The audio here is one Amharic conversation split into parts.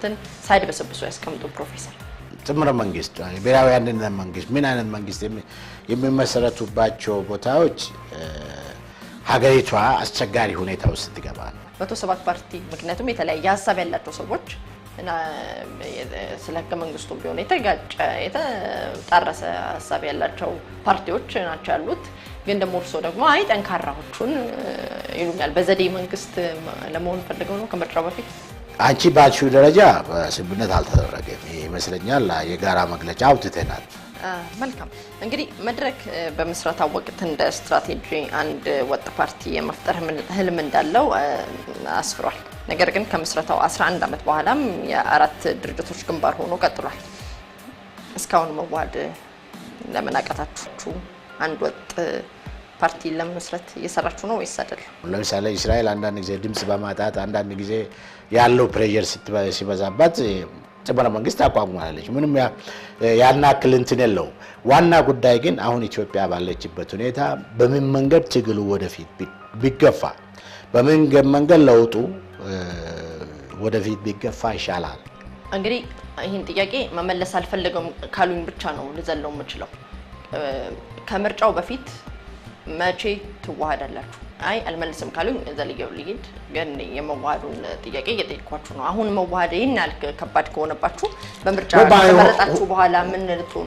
ትምህርትን ሳይደበሰብሱ ያስቀምጡ። ፕሮፌሰር ጥምር መንግስት ብሔራዊ አንድነት መንግስት ምን አይነት መንግስት የሚመሰረቱባቸው ቦታዎች ሀገሪቷ አስቸጋሪ ሁኔታ ውስጥ ትገባ ነው። መቶ ሰባት ፓርቲ ምክንያቱም የተለያየ ሀሳብ ያላቸው ሰዎች ስለ ህገ መንግስቱ ቢሆን የተጋጨ የተጣረሰ ሀሳብ ያላቸው ፓርቲዎች ናቸው ያሉት። ግን ደግሞ እርሶ ደግሞ አይ ጠንካራዎቹን ይሉኛል። በዘዴ መንግስት ለመሆን ፈልገው ነው ከምርጫው በፊት አንቺ ባልሽው ደረጃ በስምምነት አልተደረገም። ይመስለኛል የጋራ መግለጫ አውጥተናል። መልካም እንግዲህ መድረክ በምስረታ ወቅት እንደ ስትራቴጂ አንድ ወጥ ፓርቲ የመፍጠር ህልም እንዳለው አስፍሯል። ነገር ግን ከምስረታው 11 ዓመት በኋላም የአራት ድርጅቶች ግንባር ሆኖ ቀጥሏል። እስካሁን መዋሃድ ለምን አቃታችሁ? አንድ ወጥ ፓርቲ ለመመስረት እየሰራችሁ ነው ወይስ አይደለም? ለምሳሌ እስራኤል አንዳንድ ጊዜ ድምፅ በማጣት አንዳንድ ጊዜ ያለው ፕሬዠር ሲበዛባት ጨመረ መንግስት አቋቁማለች። ምንም ያና ክል የለው። ዋና ጉዳይ ግን አሁን ኢትዮጵያ ባለችበት ሁኔታ በምን መንገድ ትግሉ ወደፊት ቢገፋ፣ በምን መንገድ ለውጡ ወደፊት ቢገፋ ይሻላል። እንግዲህ ይህን ጥያቄ መመለስ አልፈለገም ካሉኝ ብቻ ነው ልዘለው የምችለው። ከምርጫው በፊት መቼ ትዋሃዳላችሁ? አይ አልመልስም ካሉኝ እዛ ልየው ልሄድ፣ ግን የመዋሃዱን ጥያቄ እየጠየኳችሁ ነው። አሁን መዋሃድ ይህን ያህል ከባድ ከሆነባችሁ በምርጫ ከመረጣችሁ በኋላ ምን ልትሆኑ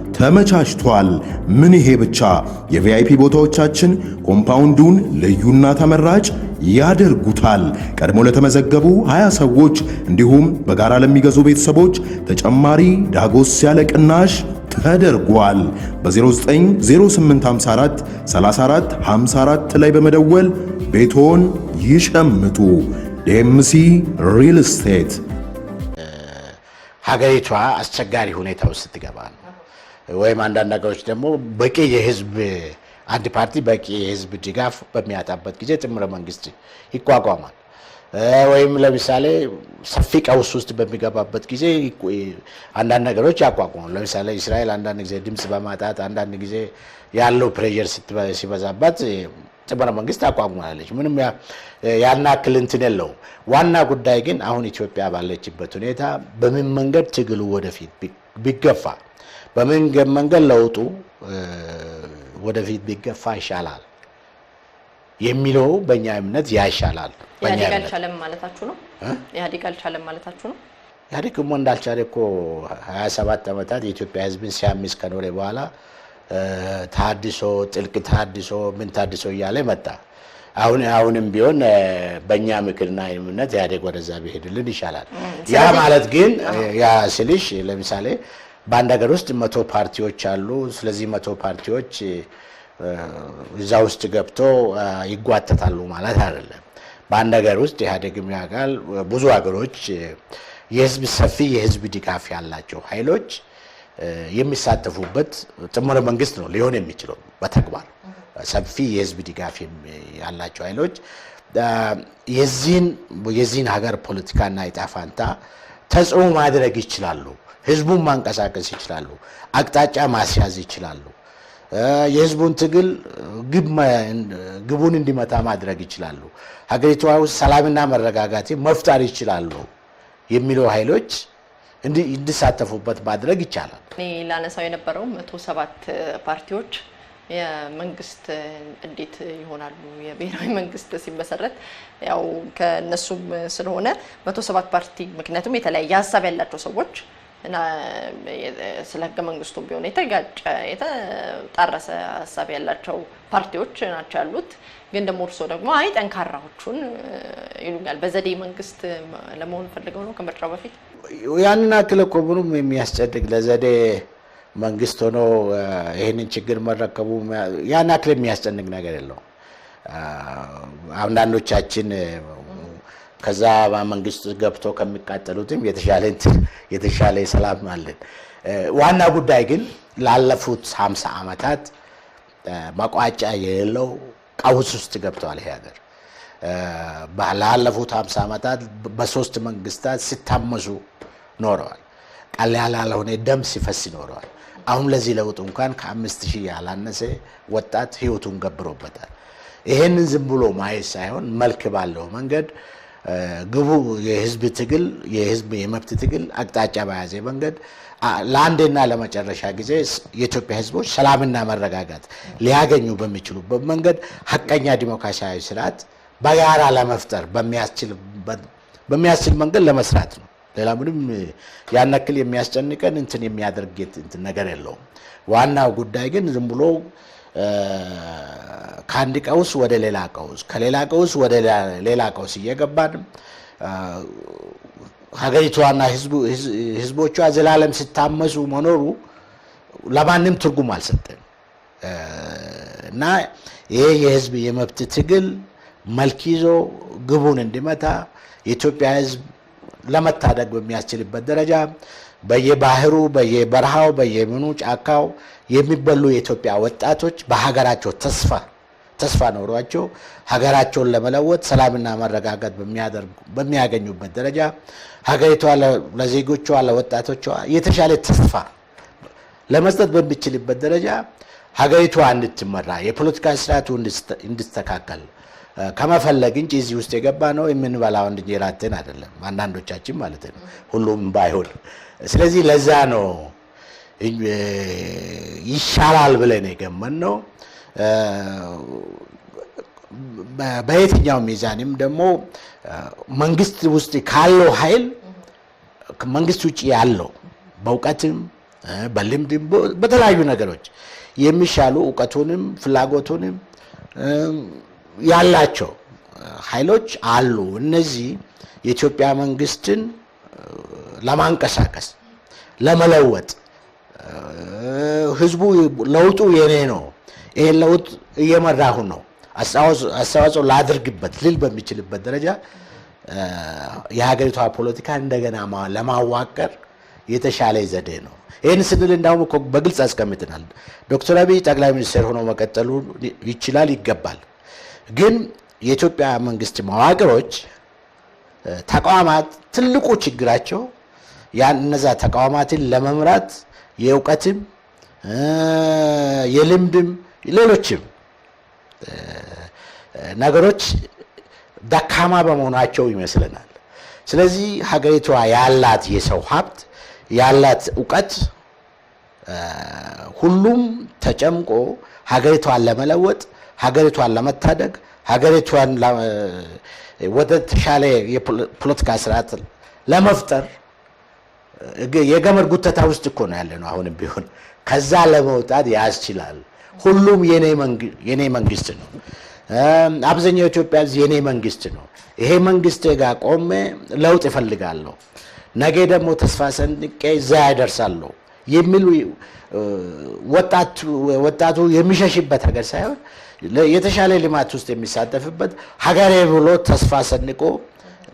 ተመቻችቷል። ምን ይሄ ብቻ! የቪአይፒ ቦታዎቻችን ኮምፓውንዱን ልዩና ተመራጭ ያደርጉታል። ቀድሞ ለተመዘገቡ 20 ሰዎች እንዲሁም በጋራ ለሚገዙ ቤተሰቦች ተጨማሪ ዳጎስ ያለ ቅናሽ ተደርጓል። በ0908543454 ላይ በመደወል ቤቶን ይሸምቱ። ዴምሲ ሪል ስቴት ሀገሪቷ አስቸጋሪ ሁኔታ ውስጥ ትገባል። ወይም አንዳንድ ሀገሮች ደግሞ በቂ የህዝብ አንድ ፓርቲ በቂ የህዝብ ድጋፍ በሚያጣበት ጊዜ ጥምረ መንግስት ይቋቋማል። ወይም ለምሳሌ ሰፊ ቀውስ ውስጥ በሚገባበት ጊዜ አንዳንድ ነገሮች ያቋቁማል። ለምሳሌ እስራኤል አንዳንድ ጊዜ ድምፅ በማጣት አንዳንድ ጊዜ ያለው ፕሬዠር ሲበዛባት ጥምረ መንግስት አቋቁማለች። ምንም ያና ክልንትን የለው። ዋና ጉዳይ ግን አሁን ኢትዮጵያ ባለችበት ሁኔታ በምን መንገድ ትግሉ ወደፊት ቢገፋ በመንገድ መንገድ ለውጡ ወደፊት ቢገፋ ይሻላል የሚለው በእኛ እምነት ያ ይሻላል። ኢህአዴግ አልቻለም ማለታችሁ ነው? ኢህአዴግ አልቻለም ማለታችሁ ነው? ኢህአዴግ እሞ እንዳልቻለ እኮ 27 ዓመታት የኢትዮጵያ ሕዝብን ሲያሚስ ከኖረ በኋላ ታድሶ ጥልቅ ታድሶ ምን ታድሶ እያለ መጣ። አሁን አሁንም ቢሆን በእኛ ምክርና እምነት ኢህአዴግ ወደዛ ቢሄድልን ይሻላል። ያ ማለት ግን ያ ስልሽ ለምሳሌ በአንድ ሀገር ውስጥ መቶ ፓርቲዎች አሉ። ስለዚህ መቶ ፓርቲዎች እዛ ውስጥ ገብቶ ይጓተታሉ ማለት አይደለም። በአንድ ሀገር ውስጥ ኢህአዴግ የሚያውቃል ብዙ ሀገሮች የህዝብ ሰፊ የህዝብ ድጋፍ ያላቸው ኃይሎች የሚሳተፉበት ጥምር መንግስት ነው ሊሆን የሚችለው በተግባር ሰፊ የህዝብ ድጋፍ ያላቸው ኃይሎች የዚህን ሀገር ፖለቲካና የጣፋንታ ተጽዕኖ ማድረግ ይችላሉ። ህዝቡን ማንቀሳቀስ ይችላሉ፣ አቅጣጫ ማስያዝ ይችላሉ፣ የህዝቡን ትግል ግቡን እንዲመታ ማድረግ ይችላሉ፣ ሀገሪቷ ውስጥ ሰላምና መረጋጋት መፍጠር ይችላሉ የሚለው ኃይሎች እንዲሳተፉበት ማድረግ ይቻላል። እኔ ላነሳው የነበረው መቶ ሰባት ፓርቲዎች የመንግስት እንዴት ይሆናሉ? የብሔራዊ መንግስት ሲመሰረት ያው ከነሱም ስለሆነ መቶ ሰባት ፓርቲ ምክንያቱም የተለያየ ሀሳብ ያላቸው ሰዎች እና ስለ ህገ መንግስቱ ቢሆን የተጋጨ የተጣረሰ ሀሳብ ያላቸው ፓርቲዎች ናቸው ያሉት። ግን ደግሞ እርሶ ደግሞ አይ ጠንካራዎቹን ይሉኛል። በዘዴ መንግስት ለመሆን ፈልገው ነው ከምርጫው በፊት ያንን አክል እኮ ምኑም የሚያስጨንቅ ለዘዴ መንግስት ሆኖ ይህንን ችግር መረከቡ ያን አክል የሚያስጨንቅ ነገር የለውም። አንዳንዶቻችን ከዛ መንግስት ገብቶ ከሚቃጠሉትም የተሻለ ሰላም አለን። ዋና ጉዳይ ግን ላለፉት ሀምሳ ዓመታት መቋጫ የሌለው ቀውስ ውስጥ ገብተዋል ይሄ ሀገር። ላለፉት ሀምሳ ዓመታት በሶስት መንግስታት ሲታመሱ ኖረዋል። ቀላል ያልሆነ ደም ሲፈስ ኖረዋል። አሁን ለዚህ ለውጥ እንኳን ከአምስት ሺህ ያላነሰ ወጣት ህይወቱን ገብሮበታል። ይህንን ዝም ብሎ ማየት ሳይሆን መልክ ባለው መንገድ ግቡ የህዝብ ትግል የህዝብ የመብት ትግል አቅጣጫ በያዘ መንገድ ለአንዴና ለመጨረሻ ጊዜ የኢትዮጵያ ህዝቦች ሰላምና መረጋጋት ሊያገኙ በሚችሉበት መንገድ ሀቀኛ ዲሞክራሲያዊ ስርዓት በጋራ ለመፍጠር በሚያስችል መንገድ ለመስራት ነው። ሌላ ምንም ያን ያክል የሚያስጨንቀን እንትን የሚያደርግ ነገር የለውም። ዋናው ጉዳይ ግን ዝም ብሎ ከአንድ ቀውስ ወደ ሌላ ቀውስ ከሌላ ቀውስ ወደ ሌላ ቀውስ እየገባን ሀገሪቷና ህዝቦቿ ዘላለም ሲታመሱ መኖሩ ለማንም ትርጉም አልሰጠን እና ይሄ የህዝብ የመብት ትግል መልክ ይዞ ግቡን እንዲመታ የኢትዮጵያ ህዝብ ለመታደግ በሚያስችልበት ደረጃ በየባህሩ በየበረሃው በየምኑ ጫካው የሚበሉ የኢትዮጵያ ወጣቶች በሀገራቸው ተስፋ ተስፋ ኖሯቸው ሀገራቸውን ለመለወጥ ሰላምና መረጋጋት በሚያገኙበት ደረጃ ሀገሪቷ ለዜጎቿ ለወጣቶቿ የተሻለ ተስፋ ለመስጠት በሚችልበት ደረጃ ሀገሪቷ እንድትመራ የፖለቲካ ስርዓቱ እንዲስተካከል ከመፈለግ እንጂ እዚህ ውስጥ የገባ ነው የምንበላው እንጀራችን አይደለም። አንዳንዶቻችን ማለት ነው። ሁሉም ባይሆን ስለዚህ ለዛ ነው ይሻላል ብለን የገመን ነው። በየትኛው ሚዛንም ደግሞ መንግስት ውስጥ ካለው ኃይል መንግስት ውጭ ያለው በእውቀትም በልምድም በተለያዩ ነገሮች የሚሻሉ እውቀቱንም ፍላጎቱንም ያላቸው ኃይሎች አሉ። እነዚህ የኢትዮጵያ መንግስትን ለማንቀሳቀስ ለመለወጥ ህዝቡ ለውጡ የኔ ነው፣ ይሄን ለውጥ እየመራሁ ነው፣ አስተዋጽኦ ላድርግበት ልል በሚችልበት ደረጃ የሀገሪቷ ፖለቲካ እንደገና ለማዋቀር የተሻለ ዘዴ ነው። ይህን ስንል እንዳውም እኮ በግልጽ አስቀምጥናል። ዶክተር አብይ ጠቅላይ ሚኒስትር ሆኖ መቀጠሉ ይችላል፣ ይገባል። ግን የኢትዮጵያ መንግስት መዋቅሮች ተቋማት ትልቁ ችግራቸው ያን እነዛ ተቋማትን ለመምራት የእውቀትም የልምድም ሌሎችም ነገሮች ደካማ በመሆናቸው ይመስለናል። ስለዚህ ሀገሪቷ ያላት የሰው ሀብት ያላት እውቀት ሁሉም ተጨምቆ ሀገሪቷን ለመለወጥ ሀገሪቷን ለመታደግ ሀገሪቷን ወደ ተሻለ የፖለቲካ ስርዓት ለመፍጠር የገመድ ጉተታ ውስጥ እኮ ነው ያለ ነው። አሁንም ቢሆን ከዛ ለመውጣት ያስችላል። ሁሉም የኔ መንግስት ነው። አብዛኛው ኢትዮጵያ የኔ መንግስት ነው። ይሄ መንግስት ጋር ቆሜ ለውጥ እፈልጋለሁ፣ ነገ ደግሞ ተስፋ ሰንቄ እዛ ያደርሳለሁ የሚሉ ወጣቱ የሚሸሽበት ሀገር ሳይሆን የተሻለ ልማት ውስጥ የሚሳተፍበት ሀገሬ ብሎ ተስፋ ሰንቆ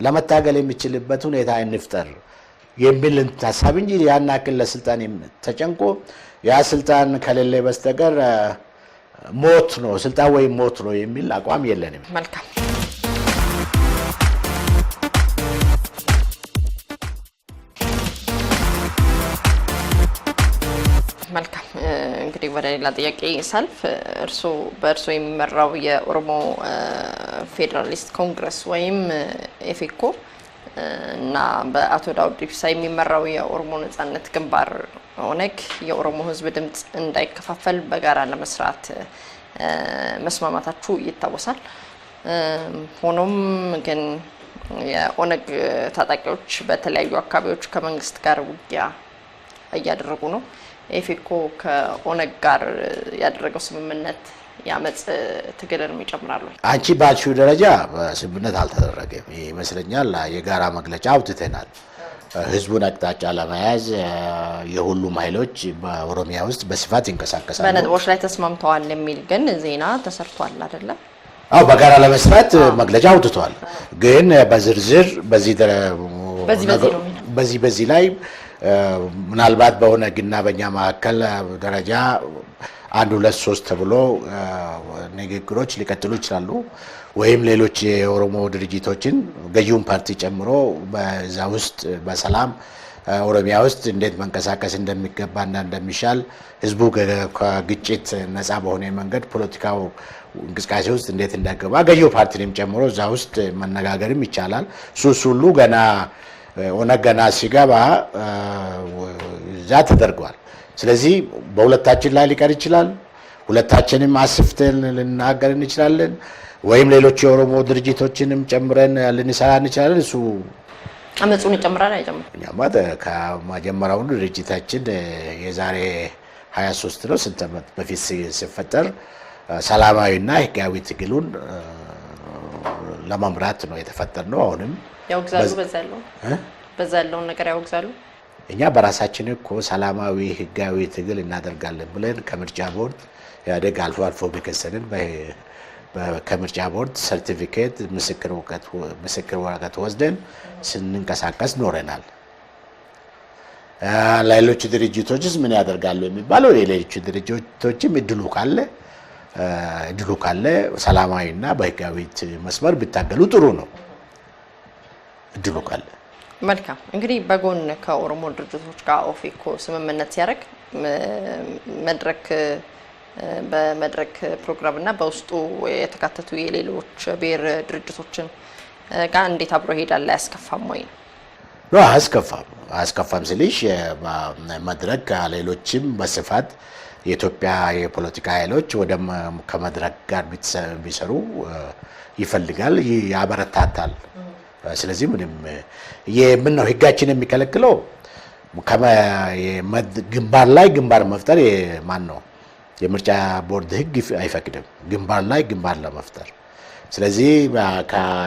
ለመታገል የሚችልበት ሁኔታ እንፍጠር የሚል ሀሳብ እንጂ ያን ለስልጣን ተጨንቆ ያ ስልጣን ከሌለ በስተቀር ሞት ነው ስልጣን ወይም ሞት ነው የሚል አቋም የለንም። መልካም እንግዲህ ወደ ሌላ ጥያቄ ሳልፍ እርሶ በእርሶ የሚመራው የኦሮሞ ፌዴራሊስት ኮንግረስ ወይም ኤፌኮ እና በአቶ ዳውድ ኢብሳ የሚመራው የኦሮሞ ነጻነት ግንባር ኦነግ የኦሮሞ ህዝብ ድምፅ እንዳይከፋፈል በጋራ ለመስራት መስማማታችሁ ይታወሳል። ሆኖም ግን የኦነግ ታጣቂዎች በተለያዩ አካባቢዎች ከመንግስት ጋር ውጊያ እያደረጉ ነው። ኤፌኮ ከኦነግ ጋር ያደረገው ስምምነት የአመፅ ትግልን ይጨምራሉ። አንቺ ባልሽው ደረጃ ስምምነት አልተደረገም ይመስለኛል። የጋራ መግለጫ አውጥተናል። ህዝቡን አቅጣጫ ለመያዝ የሁሉም ኃይሎች በኦሮሚያ ውስጥ በስፋት ይንቀሳቀሳሉ። በነጥቦች ላይ ተስማምተዋል የሚል ግን ዜና ተሰርቷል አይደለም? አዎ በጋራ ለመስራት መግለጫ አውጥቷል። ግን በዝርዝር በዚህ በዚህ በዚህ ላይ ምናልባት ግና በእኛ መካከል ደረጃ አንድ ሁለት ሶስት ተብሎ ንግግሮች ሊቀጥሉ ይችላሉ። ወይም ሌሎች የኦሮሞ ድርጅቶችን ገዢውን ፓርቲ ጨምሮ በዛ ውስጥ በሰላም ኦሮሚያ ውስጥ እንዴት መንቀሳቀስ እንደሚገባና እንደሚሻል ህዝቡ ከግጭት ነፃ በሆነ መንገድ ፖለቲካው እንቅስቃሴ ውስጥ እንዴት እንደገባ ገዢው ፓርቲንም ጨምሮ እዛ ውስጥ መነጋገርም ይቻላል። እሱ ሁሉ ገና ኦነገና ሲገባ እዛ ተደርጓል። ስለዚህ በሁለታችን ላይ ሊቀር ይችላል። ሁለታችንም አስፍተን ልናገር እንችላለን፣ ወይም ሌሎች የኦሮሞ ድርጅቶችንም ጨምረን ልንሰራ እንችላለን። እሱ አመፁን ይጨምራል አይጨምር። ከመጀመሪያውኑ ድርጅታችን የዛሬ 23 ነው ስንት ዓመት በፊት ሲፈጠር ሰላማዊና ህጋዊ ትግሉን ለመምራት ነው የተፈጠር ነው አሁንም ያወግዛሉ። በዛ ያለውን ነገር ያወግዛሉ። እኛ በራሳችን እኮ ሰላማዊ ህጋዊ ትግል እናደርጋለን ብለን ከምርጫ ቦርድ ኢህአዴግ አልፎ አልፎ ቢከሰንን ከምርጫ ቦርድ ሰርቲፊኬት ምስክር ወረቀት ወስደን ስንንቀሳቀስ ኖረናል። ሌሎች ድርጅቶችስ ምን ያደርጋሉ የሚባለው የሌሎቹ ድርጅቶችም እድሉ ካለ እድሉ ካለ ሰላማዊና በህጋዊ መስመር ቢታገሉ ጥሩ ነው። እድሉ ካለ መልካም። እንግዲህ በጎን ከኦሮሞ ድርጅቶች ጋር ኦፌኮ ስምምነት ሲያደርግ መድረክ በመድረክ ፕሮግራም እና በውስጡ የተካተቱ የሌሎች ብሔር ድርጅቶችን ጋር እንዴት አብሮ ይሄዳል? አያስከፋም ወይ? አያስከፋም። አያስከፋም ስልሽ መድረክ ሌሎችም በስፋት የኢትዮጵያ የፖለቲካ ኃይሎች ወደ ከመድረክ ጋር ቢሰሩ ይፈልጋል፣ ያበረታታል። ስለዚህ ምንም የምን ነው ህጋችን የሚከለክለው ግንባር ላይ ግንባር መፍጠር ማን ነው የምርጫ ቦርድ ህግ አይፈቅድም፣ ግንባር ላይ ግንባር ለመፍጠር። ስለዚህ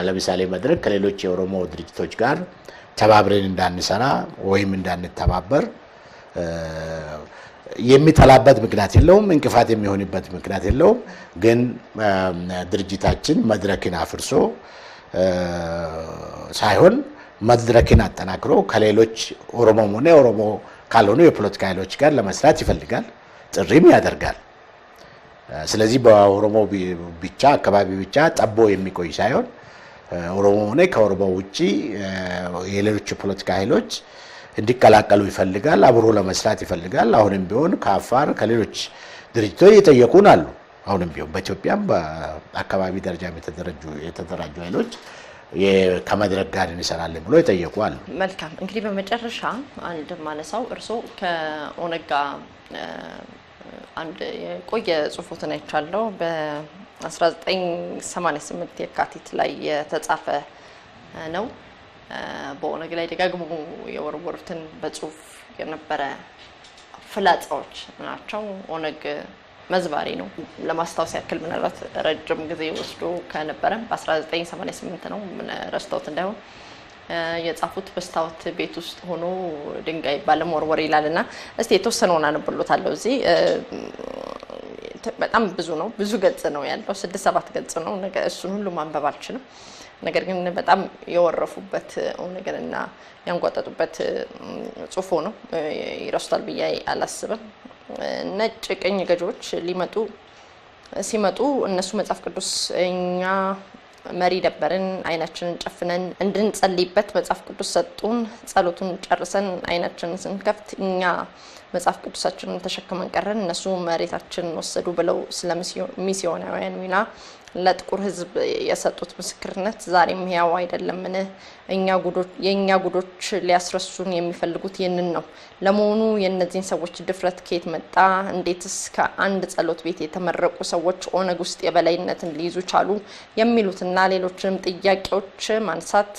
ለምሳሌ መድረክ ከሌሎች የኦሮሞ ድርጅቶች ጋር ተባብረን እንዳንሰራ ወይም እንዳንተባበር የሚጠላበት ምክንያት የለውም፣ እንቅፋት የሚሆንበት ምክንያት የለውም። ግን ድርጅታችን መድረክን አፍርሶ ሳይሆን መድረክን አጠናክሮ ከሌሎች ኦሮሞም ሆነ ኦሮሞ ካልሆኑ የፖለቲካ ኃይሎች ጋር ለመስራት ይፈልጋል፣ ጥሪም ያደርጋል። ስለዚህ በኦሮሞ ብቻ አካባቢ ብቻ ጠቦ የሚቆይ ሳይሆን ኦሮሞ ሆነ ከኦሮሞ ውጭ የሌሎች የፖለቲካ ኃይሎች እንዲቀላቀሉ ይፈልጋል። አብሮ ለመስራት ይፈልጋል። አሁንም ቢሆን ከአፋር ከሌሎች ድርጅቶች እየጠየቁን አሉ። አሁንም ቢሆን በኢትዮጵያም በአካባቢ ደረጃ የተደራጁ ኃይሎች ከመድረክ ጋር እንሰራለን ብሎ የጠየቁ አሉ። መልካም እንግዲህ በመጨረሻ አንድ ማነሳው እርስዎ ከኦነግ ጋር አንድ የቆየ ጽሁፎትን አይቻለሁ። በ1988 የካቲት ላይ የተጻፈ ነው። በኦነግ ላይ ደጋግሞ የወረወሩትን በጽሁፍ የነበረ ፍላጻዎች ናቸው። ኦነግ መዝባሬ ነው። ለማስታወስ ያክል ምናልባት ረጅም ጊዜ ወስዶ ከነበረ በ1988 ነው ረስታውት እንዳይሆን የጻፉት በስታውት ቤት ውስጥ ሆኖ ድንጋይ ባለመወርወር ይላል እና እስቲ የተወሰነውን አነብሎታለሁ እዚህ በጣም ብዙ ነው። ብዙ ገጽ ነው ያለው። ስድስት ሰባት ገጽ ነው። እሱን ሁሉ ማንበብ አልችልም። ነገር ግን በጣም የወረፉበት ነገርና ያንጓጠጡበት ጽሁፎ ነው። ይረሱታል ብዬ አላስብም። ነጭ ቅኝ ገዢዎች ሊመጡ ሲመጡ እነሱ መጽሐፍ ቅዱስ እኛ መሪ ነበርን፣ አይናችንን ጨፍነን እንድንጸልይበት መጽሐፍ ቅዱስ ሰጡን። ጸሎቱን ጨርሰን አይናችንን ስንከፍት እኛ መጽሐፍ ቅዱሳችንን ተሸክመን ቀረን፣ እነሱ መሬታችንን ወሰዱ ብለው ስለ ሚስዮናውያን ሚና ለጥቁር ህዝብ የሰጡት ምስክርነት ዛሬም ሕያው አይደለምን? የእኛ ጉዶች ሊያስረሱን የሚፈልጉት ይህንን ነው። ለመሆኑ የእነዚህን ሰዎች ድፍረት ከየት መጣ? እንዴትስ ከአንድ ጸሎት ቤት የተመረቁ ሰዎች ኦነግ ውስጥ የበላይነትን ሊይዙ ቻሉ? የሚሉትና ሌሎችንም ጥያቄዎች ማንሳት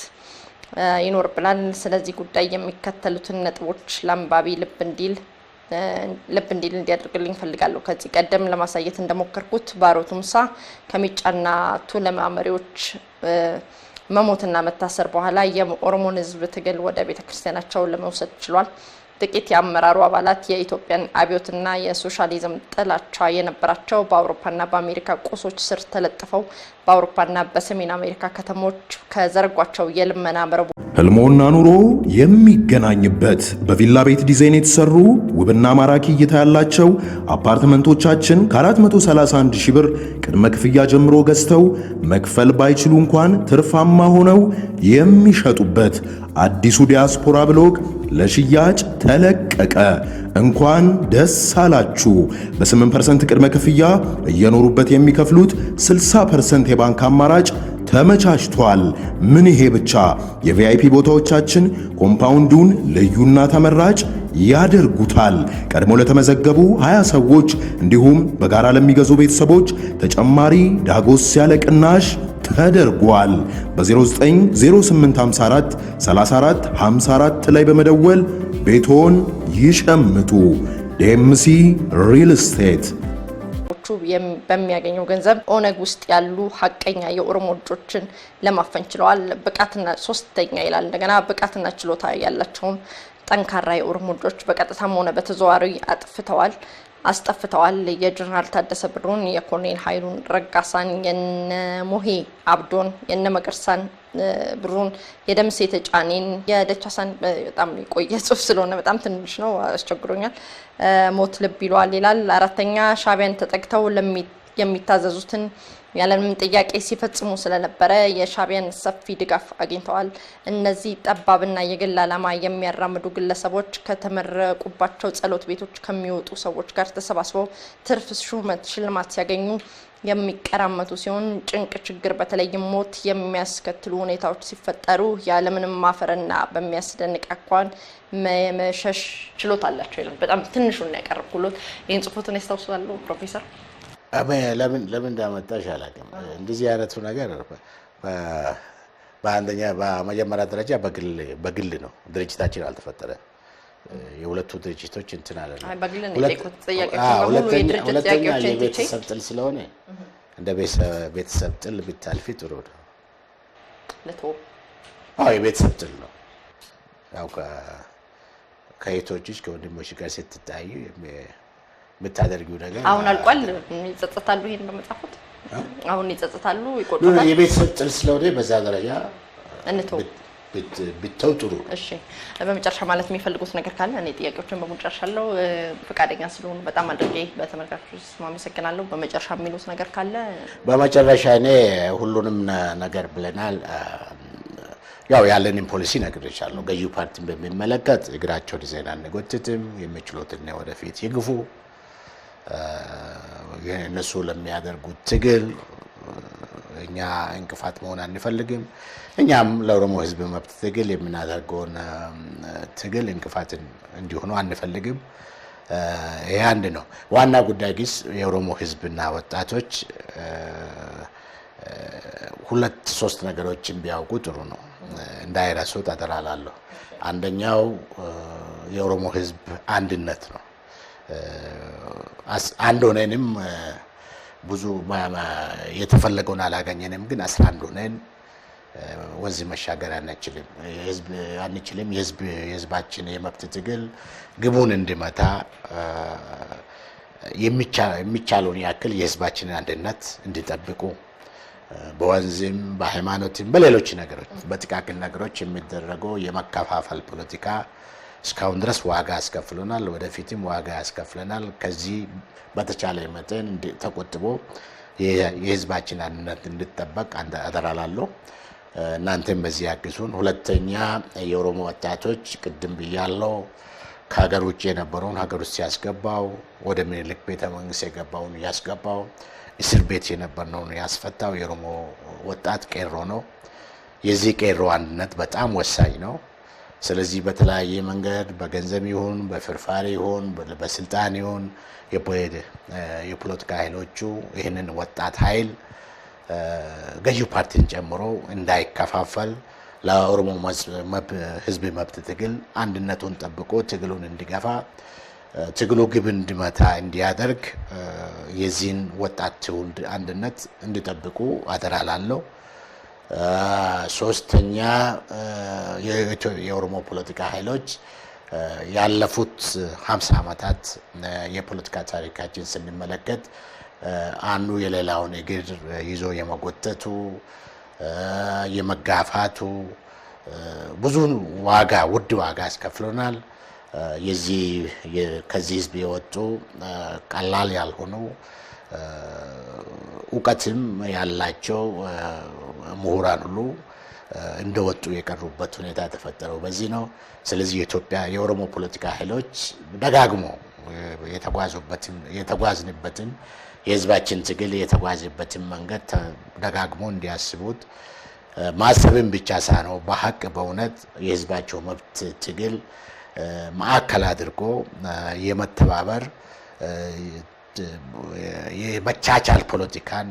ይኖርብናል። ስለዚህ ጉዳይ የሚከተሉትን ነጥቦች ለአንባቢ ልብ እንዲል ልብ እንዲል እንዲያደርግልኝ ፈልጋለሁ። ከዚህ ቀደም ለማሳየት እንደሞከርኩት ባሮ ቱምሳ ከሚጫና ቱለማ መሪዎች መሞትና መታሰር በኋላ የኦሮሞን ሕዝብ ትግል ወደ ቤተ ክርስቲያናቸው ለመውሰድ ችሏል። ጥቂት የአመራሩ አባላት የኢትዮጵያን አብዮትና የሶሻሊዝም ጥላቻ የነበራቸው በአውሮፓና በአሜሪካ ቁሶች ስር ተለጥፈው በአውሮፓና በሰሜን አሜሪካ ከተሞች ከዘረጓቸው የልመና መረቦ ህልሞና ኑሮ የሚገናኝበት በቪላ ቤት ዲዛይን የተሰሩ ውብና ማራኪ እይታ ያላቸው አፓርትመንቶቻችን ከ431 ሺ ብር ቅድመ ክፍያ ጀምሮ ገዝተው መክፈል ባይችሉ እንኳን ትርፋማ ሆነው የሚሸጡበት አዲሱ ዲያስፖራ ብሎክ ለሽያጭ ተለቀቀ። እንኳን ደስ አላችሁ። በ8% ቅድመ ክፍያ እየኖሩበት የሚከፍሉት 60% የባንክ አማራጭ ተመቻችቷል። ምን ይሄ ብቻ! የቪአይፒ ቦታዎቻችን ኮምፓውንዱን ልዩና ተመራጭ ያደርጉታል። ቀድሞ ለተመዘገቡ 20 ሰዎች እንዲሁም በጋራ ለሚገዙ ቤተሰቦች ተጨማሪ ዳጎስ ያለ ቅናሽ ተደርጓል። በ0908543454 ላይ በመደወል ቤቶን ይሸምቱ። ዴምሲ ሪል ስቴት በሚያገኘው ገንዘብ ኦነግ ውስጥ ያሉ ሀቀኛ የኦሮሞ ልጆችን ለማፈን ችለዋል። ብቃትና ሶስተኛ ይላል እንደገና ብቃትና ችሎታ ያላቸውም ጠንካራ የኦሮሞ ልጆች በቀጥታም ሆነ በተዘዋዋሪ አጥፍተዋል። አስጠፍተዋል። የጀነራል ታደሰ ብሩን፣ የኮሎኔል ሀይሉን ረጋሳን፣ የነ ሞሄ አብዶን፣ የነ መቅርሳን ብሩን፣ የደምሴ ተጫኔን፣ የደቻሳን በጣም የቆየ ጽሁፍ ስለሆነ በጣም ትንሽ ነው አስቸግሮኛል። ሞት ልብ ይሏል ይላል። አራተኛ ሻቢያን ተጠግተው የሚታዘዙትን ያለምንም ጥያቄ ሲፈጽሙ ስለነበረ የሻቢያን ሰፊ ድጋፍ አግኝተዋል። እነዚህ ጠባብና የግል ዓላማ የሚያራምዱ ግለሰቦች ከተመረቁባቸው ጸሎት ቤቶች ከሚወጡ ሰዎች ጋር ተሰባስበው ትርፍ ሹመት፣ ሽልማት ሲያገኙ የሚቀራመቱ ሲሆን ጭንቅ፣ ችግር፣ በተለይም ሞት የሚያስከትሉ ሁኔታዎች ሲፈጠሩ ያለምንም ማፈርና በሚያስደንቅ አኳን መሸሽ ችሎታ አላቸው ይላል። በጣም ትንሹን ያቀረብኩሎት ይህን ጽሑፎትን ያስታውሳሉ ፕሮፌሰር ለምን ለምን እንዳመጣሽ አላውቅም። እንደዚህ አይነቱ ነገር በአንደኛ በመጀመሪያ ደረጃ በግል ነው፣ ድርጅታችን አልተፈጠረ የሁለቱ ድርጅቶች እንትን አለ። ሁለተኛ የቤተሰብ ጥል ስለሆነ እንደ ቤተሰብ ጥል ብታልፊ ጥሩ ነው። የቤተሰብ ጥል ነው። ያው ከእህቶችሽ ከወንድሞች ጋር ስትታዩ የምታደርጊው ነገር አሁን አልቋል። ይጸጸታሉ፣ ይሄን በመጻፉት አሁን ይጸጸታሉ፣ ይቆጣሉ። የቤተሰብ ጥል ስለሆነ በዛ ደረጃ እንተው ብተው ጥሩ። እሺ፣ በመጨረሻ ማለት የሚፈልጉት ነገር ካለ እኔ ጥያቄዎችን በመጨረሻለው ፈቃደኛ ስለሆኑ በጣም አድርጌ በተመልካቾች አመሰግናለሁ። በመጨረሻ የሚሉት ነገር ካለ። በመጨረሻ እኔ ሁሉንም ነገር ብለናል። ያው ያለንን ፖሊሲ ነግሬቻለሁ። ገዢው ፓርቲን በሚመለከት እግራቸውን ይዘን አንጎትትም፣ የሚችሉትን ወደፊት ይግፉ። እነሱ ለሚያደርጉት ትግል እኛ እንቅፋት መሆን አንፈልግም። እኛም ለኦሮሞ ሕዝብ መብት ትግል የምናደርገውን ትግል እንቅፋትን እንዲሆኑ አንፈልግም። ይሄ አንድ ነው። ዋና ጉዳይ ግስ የኦሮሞ ሕዝብና ወጣቶች ሁለት ሶስት ነገሮችን ቢያውቁ ጥሩ ነው፣ እንዳይረሱ ጠጠላላለሁ። አንደኛው የኦሮሞ ሕዝብ አንድነት ነው። አንድ ሆነንም ብዙ የተፈለገውን አላገኘንም፣ ግን አስራ አንድ ሆነን ወንዝ መሻገር አንችልም አንችልም። የህዝባችን የመብት ትግል ግቡን እንዲመታ የሚቻለውን ያክል የህዝባችንን አንድነት እንዲጠብቁ በወንዝም በሃይማኖትም በሌሎች ነገሮች በጥቃቅን ነገሮች የሚደረገው የመከፋፈል ፖለቲካ እስካሁን ድረስ ዋጋ ያስከፍለናል፣ ወደፊትም ዋጋ ያስከፍለናል። ከዚህ በተቻለ መጠን ተቆጥቦ የህዝባችን አንድነት እንድጠበቅ አደራላለሁ። እናንተም በዚህ ያግዙን። ሁለተኛ የኦሮሞ ወጣቶች ቅድም ብያለው ከሀገር ውጭ የነበረውን ሀገር ውስጥ ያስገባው፣ ወደ ምኒልክ ቤተ መንግስት የገባውን ያስገባው፣ እስር ቤት የነበርነውን ያስፈታው የኦሮሞ ወጣት ቄሮ ነው። የዚህ ቄሮ አንድነት በጣም ወሳኝ ነው። ስለዚህ በተለያየ መንገድ በገንዘብ ይሁን በፍርፋሪ ይሁን በስልጣን ይሁን የፖለቲካ ኃይሎቹ ይህንን ወጣት ኃይል ገዢው ፓርቲን ጨምሮ እንዳይከፋፈል ለኦሮሞ ህዝብ መብት ትግል አንድነቱን ጠብቆ ትግሉን እንዲገፋ ትግሉ ግብ እንዲመታ እንዲያደርግ የዚህን ወጣት ትውልድ አንድነት እንዲጠብቁ አደራ ሶስተኛ የኦሮሞ ፖለቲካ ኃይሎች ያለፉት 50 ዓመታት የፖለቲካ ታሪካችን ስንመለከት አንዱ የሌላውን እግር ይዞ የመጎተቱ የመጋፋቱ ብዙ ዋጋ ውድ ዋጋ አስከፍሎናል። የዚህ ከዚህ ህዝብ የወጡ ቀላል ያልሆኑ እውቀትም ያላቸው ምሁራን ሁሉ እንደወጡ የቀሩበት ሁኔታ የተፈጠረው በዚህ ነው። ስለዚህ የኢትዮጵያ የኦሮሞ ፖለቲካ ኃይሎች ደጋግሞ የተጓዝንበትን የህዝባችን ትግል የተጓዝበትን መንገድ ደጋግሞ እንዲያስቡት ማሰብን ብቻ ሳነው በሀቅ በእውነት የህዝባቸው መብት ትግል ማዕከል አድርጎ የመተባበር የመቻቻል ፖለቲካን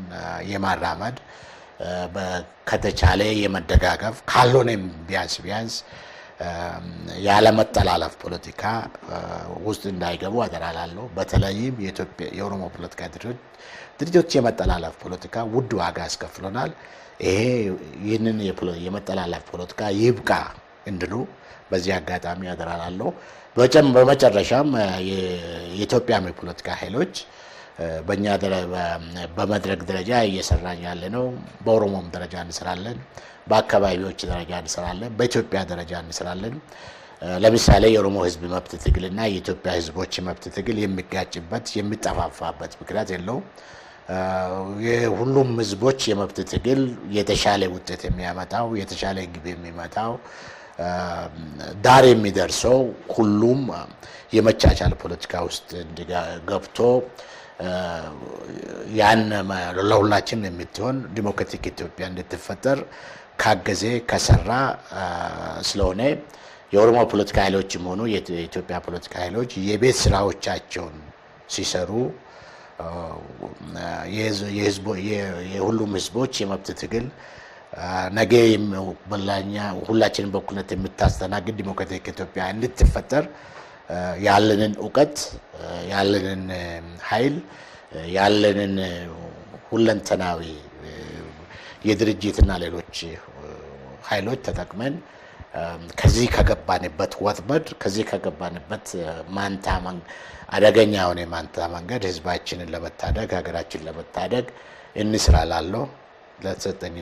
የማራመድ ከተቻለ የመደጋገፍ ካልሆነም ቢያንስ ቢያንስ ያለመጠላለፍ ፖለቲካ ውስጥ እንዳይገቡ አደራላለሁ። በተለይም የኢትዮጵያ የኦሮሞ ፖለቲካ ድርጅቶች የመጠላለፍ ፖለቲካ ውድ ዋጋ ያስከፍሎናል። ይሄ ይህንን የመጠላለፍ ፖለቲካ ይብቃ እንድሉ በዚህ አጋጣሚ አደራ እላለሁ። በመጨረሻም የኢትዮጵያም የፖለቲካ ኃይሎች በእኛ በመድረክ ደረጃ እየሰራን ያለ ነው። በኦሮሞም ደረጃ እንስራለን፣ በአካባቢዎች ደረጃ እንስራለን፣ በኢትዮጵያ ደረጃ እንስራለን። ለምሳሌ የኦሮሞ ሕዝብ መብት ትግል ትግልና የኢትዮጵያ ሕዝቦች መብት ትግል የሚጋጭበት የሚጠፋፋበት ምክንያት የለው። የሁሉም ሕዝቦች የመብት ትግል የተሻለ ውጤት የሚያመጣው የተሻለ ግብ የሚመጣው ዳር የሚደርሰው ሁሉም የመቻቻል ፖለቲካ ውስጥ ገብቶ ያን ለሁላችን የምትሆን ዲሞክራቲክ ኢትዮጵያ እንድትፈጠር ካገዜ ከሰራ ስለሆነ የኦሮሞ ፖለቲካ ኃይሎችም ሆኑ የኢትዮጵያ ፖለቲካ ኃይሎች የቤት ስራዎቻቸውን ሲሰሩ የሁሉም ህዝቦች የመብት ትግል ነገ የሚበላኛ ሁላችንም በኩልነት የምታስተናግድ ዲሞክራቲክ ኢትዮጵያ እንድትፈጠር ያለንን እውቀት ያለንን ኃይል ያለንን ሁለንተናዊ የድርጅትና ሌሎች ኃይሎች ተጠቅመን ከዚህ ከገባንበት ወጥመድ ከዚህ ከገባንበት ማንታ አደገኛ የሆነ ማንታ መንገድ ህዝባችንን ለመታደግ ሀገራችን ለመታደግ እንስራ ላለው ለተሰጠኝ